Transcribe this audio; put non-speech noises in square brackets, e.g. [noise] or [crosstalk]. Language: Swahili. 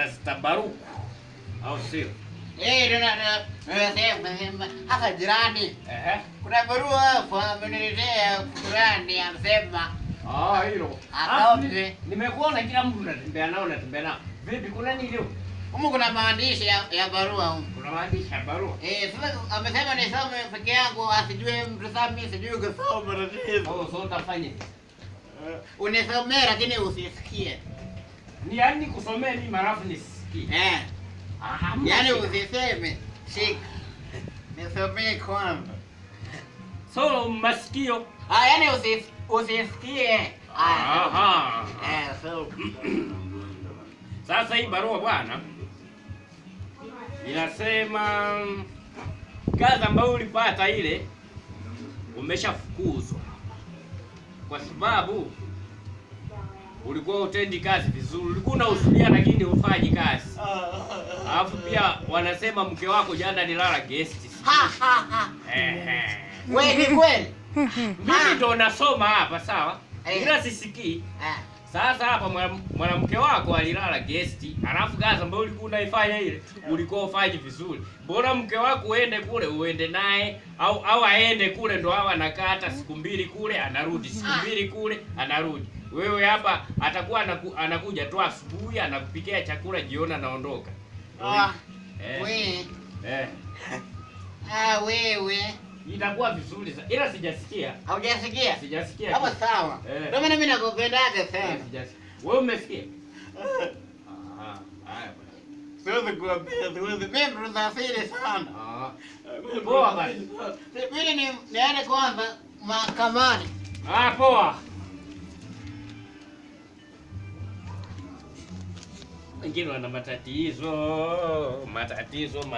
Umestabaruku au sio? Eh, hata jirani kuna barua hapo ameniletea fulani amsema. Ah, hilo akaote. Ah, ah, nimekuona kila mtu unatembea nao unatembea nao. Vipi kuna nini leo? Humu kuna maandishi ya, ya barua humu. Kuna maandishi ya barua? Eh, sasa amesema nisome peke yangu asijue mtu sami sijui kusoma tatizo. Oh, so utafanya. Uh, unisomee lakini usisikie ni yani kusomea mimi marafu nisikie. Eh. Aha, yani usiseme shika. Nisomee kwamba. So masikio. Ah, yani usis usisikie. Ah. Aha. Eh, so. Sasa hii barua bwana inasema kazi ambayo ulipata ile umeshafukuzwa kwa sababu ulikuwa utendi kazi vizuri, ulikuwa unahusudia lakini ufanyi kazi. Ah. Alafu pia wanasema mke wako jana nilala guest. Wewe kweli mimi ndo nasoma hapa sawa, eh. ila sisikii eh. Sasa hapa mwanamke wako alilala guest, alafu kazi ambayo ulikuwa unaifanya ile ulikuwa ufanyi vizuri. Mbona mke wako uende kule uende naye au au aende kule ndo hawa anakata siku mbili kule anarudi, siku mbili kule anarudi. Wewe hapa atakuwa anaku, anakuja tu asubuhi anakupikia chakula jioni anaondoka. Ah. Eh. We. Eh. Ah, wewe. Itakuwa vizuri sana. Ila sijasikia. Haujasikia? Sijasikia. Hapo sawa. Eh. Ndio maana mimi nakupendaje eh, sana. Sijasikia. Wewe umesikia? [laughs] Aha. Haya bwana. Siwezi kuambia, siwezi. Mimi msafiri sana. Ah. Poa basi. Mimi ni niende kwanza mahakamani. Ah, poa. Wengine wana matatizo, matatizo, matatizo.